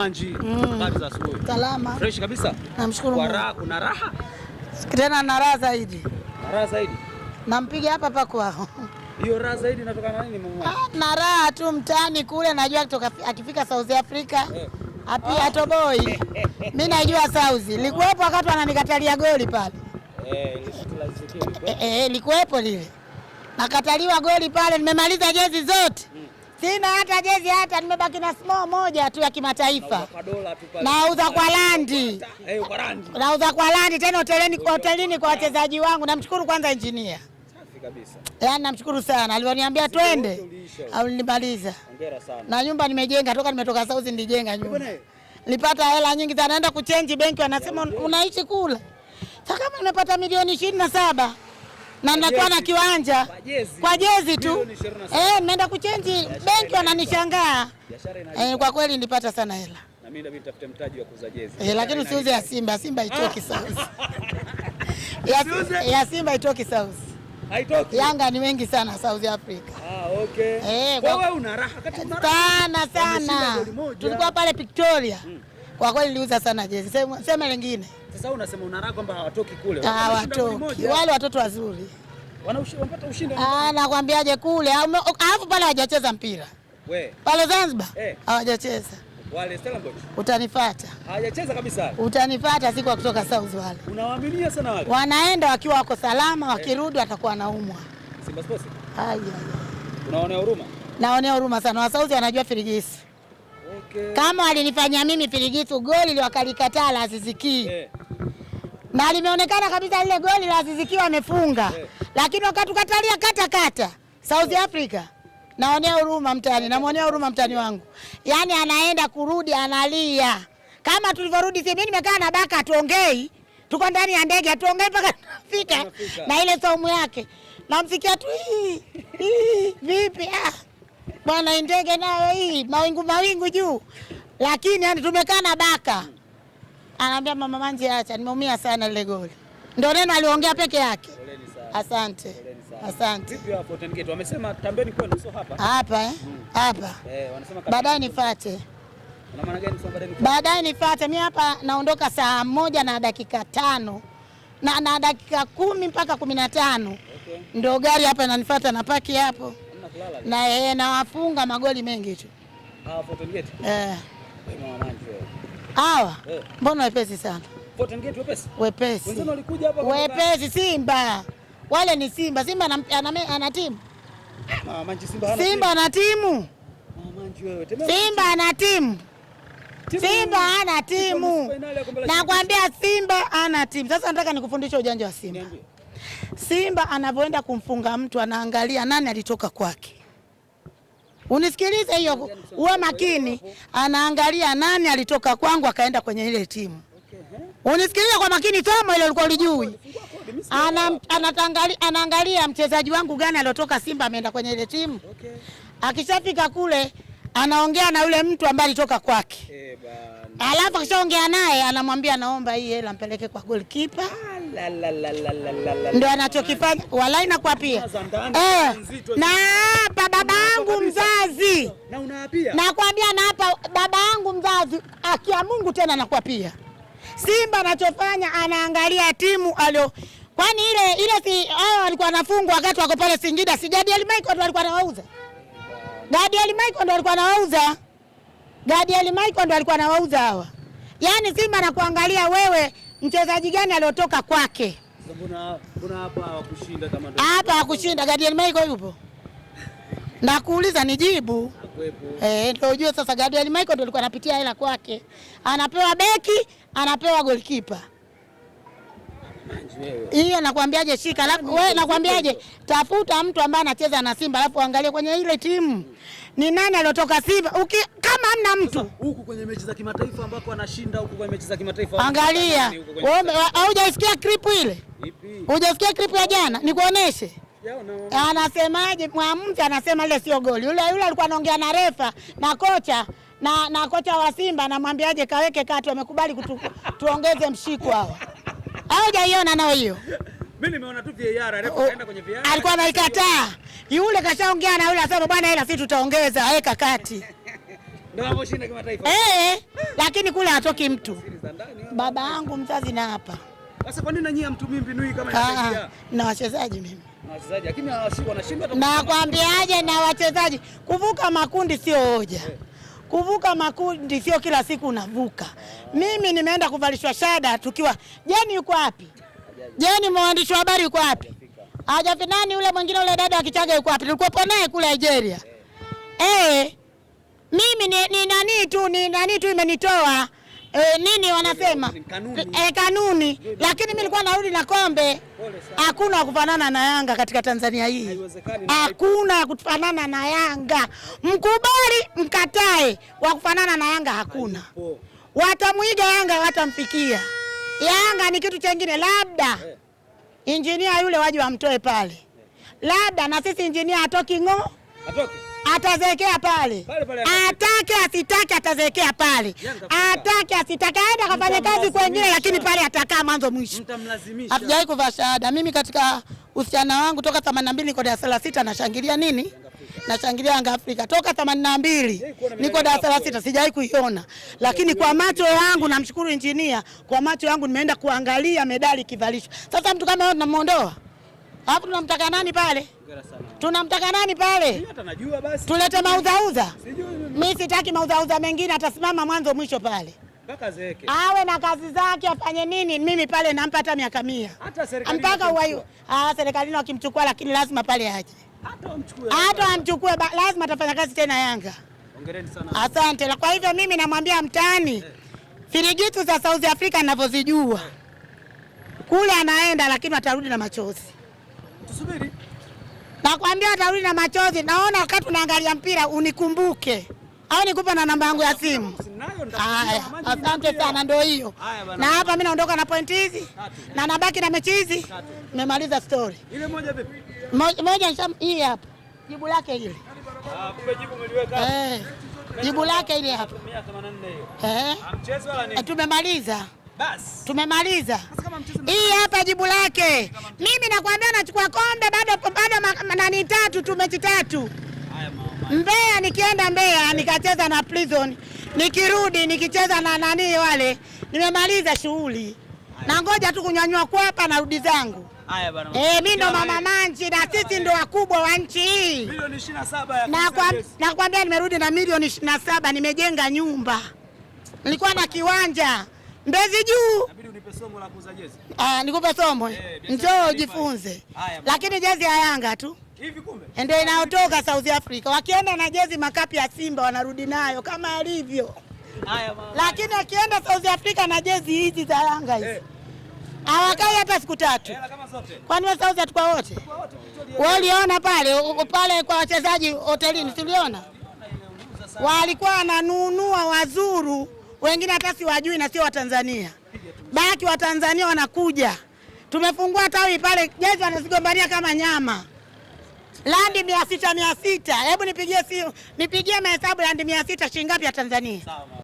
Anji, mm. za Salama. Fresh kabisa. Namshukuru Mungu. Raha, kuna raha? Tena na raha zaidi. Na raha zaidi. Nampiga hapa hapa kwao. Hiyo raha zaidi inatoka na nini Mungu? Ah, na raha tu mtaani kule najua kutoka akifika South Africa. Eh. Api oh. Atoboi. Mimi najua South. Likuwepo wakati ananikatalia goli pale. Eh eh, eh, eh, likuwepo lile. Nakataliwa goli pale nimemaliza jezi zote. Sina hata jezi hata, nimebaki na small moja tu ya kimataifa. Nauza kwa eh, landi, nauza kwa landi tena hotelini kwa wachezaji wangu. Namshukuru kwanza injinia yaani namshukuru sana, alivyoniambia twende au alinimaliza na nyumba nimejenga, toka nimetoka sauzi nilijenga nyumba, nilipata hela nyingi sana, naenda kuchenji benki, wanasema unaishi kula. Sasa kama nimepata milioni ishirini na saba na nitakuwa na kiwanja kwa jezi tu eh, mnaenda kuchenji benki, wananishangaa eh. Kwa kweli nilipata sana hela na mimi ndio nitafute mtaji wa kuuza jezi eh, lakini usiuze ah! ya Simba. Simba itoki sauzi ya Simba itoki sauzi Haitoki. Yanga ni wengi sana South Africa. Ah, okay. Eh, kwa wewe una raha kati una raha. Sana sana. Tulikuwa pale Victoria. Hmm. Kwa kweli niliuza sana jezi. Sema, sema lingine. Sasa unasema una raha kwamba hawatoki kule. Ah, watoki. Wale watoto wazuri. Wanapata ushindi. Ah, nakwambiaje kule. Alafu pale hawajacheza mpira. We. Pale Zanzibar eh. hawajacheza. Wale Stellenbosch. Utanifuata. Hawajacheza kabisa. Utanifata siku kutoka South wale. Unawaaminia sana wale. Wanaenda wakiwa wako salama, eh. wakirudi eh, atakuwa anaumwa. Simba Sports. Haya. Unaonea huruma? Naonea huruma sana. Wasauzi wanajua firigisi okay. Kama walinifanyia mimi Filijitu goli ile wakalikataa la Aziz yeah. Na limeonekana kabisa lile goli la Aziz Ki wamefunga yeah. Lakini wakatukatalia kata kata South Africa naonea huruma mtani, namwonea huruma mtani wangu, yaani anaenda kurudi analia kama tulivyorudi. Mimi nimekaa na baka, hatuongei, tuko ndani ya ndege, hatuongei mpaka tunafika na ile saumu yake, namsikia tu hii vipi ah bwana indege nayo hii mawingu mawingu juu, lakini yani tumekaa na baka. Anaambia mama manzi, acha, nimeumia sana lile goli. Ndio neno aliongea peke yake. Asante, asante. Hapa eh? Mm. Hapa eh, baadaye nifate baadaye nifate mi hapa naondoka saa moja na dakika tano na, na dakika kumi mpaka kumi na tano okay. Ndo gari hapa inanifuata na paki hapo na yeye nawafunga magoli mengi tu ah, eh. hawa eh. Mbona wepesi sana wepesi wepesi, wepesi. Simba wale ni Simba. Simba ana timu Simba ana timu Simba ana timu Simba ana timu, nakwambia Simba ana timu. Sasa nataka nikufundishe ujanja wa Simba. Simba anavyoenda kumfunga mtu anaangalia nani alitoka kwake. Unisikilize hiyo, uwe makini. Anaangalia nani alitoka kwangu akaenda kwenye ile timu. Unisikilize kwa makini, tomo ile ulikuwa ulijui. Ana, anaangalia mchezaji wangu gani aliotoka Simba ameenda kwenye ile timu. Akishafika kule anaongea na yule mtu ambaye alitoka kwake, eh, alafu akishaongea naye anamwambia, naomba hii hela mpeleke kwa golikipa ndio anachokifanya walai na kwa pia eh, na hapa baba yangu mzazi nakwambia, na hapa baba yangu mzazi akia Mungu tena nakwapia Simba anachofanya anaangalia timu alio kwani ile ile si hao walikuwa nafungwa wakati wako pale Singida, si Gadiel Michael ndo alikuwa anawauza. Gadiel Michael ndo alikuwa anawauza. Gadiel Michael ndo alikuwa anawauza hawa. Yaani Simba anakuangalia wewe mchezaji gani aliotoka kwake hapa hakushinda? Gadiel Michael yupo? Nakuuliza nijibu eh, ndio ujue sasa. Gadiel Michael ndio alikuwa anapitia hela kwake, anapewa beki, anapewa golikipa hii anakuambiaje, shika alafu yaani wewe nakwambiaje, tafuta mtu ambaye anacheza na Simba alafu angalie kwenye ile timu ni nani aliotoka Simba. Uki, kama hamna mtu huku kwenye mechi za kimataifa ambako anashinda huku kwenye mechi za kimataifa, angalia hujasikia clip ile, hujasikia clip ya jana, nikuoneshe anasemaje mwamuzi, anasema ile sio goli. Yule yule alikuwa anaongea na refa na kocha na, na kocha wa Simba anamwambiaje, kaweke kati, wamekubali tuongeze mshiko hawa au hujaiona nao hiyo? Mimi nimeona tu VAR oh, alipoenda kwenye VAR. Alikuwa anaikataa. Yule kashaongea na yule asema bwana ila sisi tutaongeza weka kati. Ndio hapo anaposhinda kimataifa. Eh, lakini kule hatoki mtu. Baba yangu mzazi na hapa. Sasa kwa nini nanyie mtumii mbinu hii kama inafikia? Ah, ah, na wachezaji mimi. Na wachezaji lakini wanashindwa. Nakwambiaje na wachezaji kuvuka makundi sio hoja. Eh kuvuka makundi sio kila siku unavuka. Mimi nimeenda kuvalishwa shada tukiwa Jeni. Yuko wapi Jeni? Mwandishi wa habari yuko wapi? Hajafi nani yule mwingine yule dada wa Kichaga yuko wapi? Nilikuwa naye kule Nigeria. Eh, mimi ni, ni nani tu ni nani tu imenitoa E, nini wanasema kanuni, e, kanuni. Lakini mimi nilikuwa narudi na kombe. Hakuna kufanana na Yanga katika Tanzania hii, hakuna kufanana na Yanga. Mkubali mkatae, wa kufanana na Yanga hakuna. Watamwiga Yanga watamfikia Yanga ni kitu chengine, labda eh. injinia yule waje wamtoe pale, labda na sisi injinia atoki ng'o, atoki atazekea pale, atake asitake, atazekea pale, atake asitake, aenda akafanya kazi kwengine, lakini pale atakaa mwanzo mwisho. Hatujawahi kuvaa shahada. Mimi katika usichana wangu toka themanini na mbili niko darasa la sita, nashangilia nini? Nashangilia Yanga Afrika toka themanini na mbili niko darasa la sita, sijawahi kuiona, lakini kwa macho yangu namshukuru injinia, kwa macho yangu nimeenda kuangalia medali ikivalishwa. Sasa mtu kama huyo tunamwondoa? Hapo tunamtaka nani pale? Tunamtaka nani pale? Tulete maudhauza? Mimi sitaki maudhauza mengine, atasimama mwanzo mwisho pale awe na kazi zake, afanye nini? Mimi pale nampa hata miaka mia mpaka ah, serikalini wakimchukua, lakini lazima pale aje, hata amchukue lazima atafanya kazi tena Yanga. Asante. Kwa hivyo mimi namwambia mtaani, eh, firigitu za South Africa ninavyozijua kule anaenda, lakini atarudi na machozi tusubiri. Nakwambia tauli na machozi, naona wakati unaangalia mpira unikumbuke au nikupe na namba yangu ya simu. Haya, asante sana, ndio hiyo. Na hapa mimi naondoka na pointi hizi na nabaki na mechi hizi, nimemaliza stori. Ile moja vipi? Moja hii hapa, jibu lake ile. Ah, kumbe jibu Eh, jibu lake ile hapa. 184 hiyo. Eh, ah, eh tumemaliza. Bas. Tumemaliza. Hii hapa jibu lake. Mimi nakwambia nachukua kombe bado bado nani tatu tu mechi tatu. Mbeya nikienda Mbeya eh. nikacheza na Prison. Nikirudi nikicheza na nani wale. Nimemaliza shughuli. Na ngoja tu kunyanyua kwapa rudi zangu. Haya bwana. Eh, mimi ndo mama manji na sisi ndo wakubwa wa nchi hii. Milioni 27 ya. Nakwambia nimerudi na milioni 27 nimejenga nyumba. Nilikuwa na kiwanja. Mbezi juu. Inabidi unipe somo la kuuza jezi. Ah, nikupe somo. Eh, njoo ujifunze. Lakini jezi ya Yanga tu. Hivi kumbe? Ndio inayotoka South Africa. Wakienda na jezi makapi ya Simba wanarudi nayo kama alivyo Haya mama. Lakini akienda South Africa na jezi hizi za Yanga hizi. Eh. Hawakai hata siku tatu. Hela kama zote. Kwani wewe South wote? Wao uliona pale pale kwa wachezaji hotelini, si uliona? Walikuwa wananunua wazuru wengine hata si wajui na sio Watanzania, baki Watanzania wanakuja. Tumefungua tawi pale Jezi, wanazigombania kama nyama landi mia sita mia sita. Hebu nipigie simu nipigie mahesabu landi mia sita shilingi ngapi ya Tanzania? Sawa.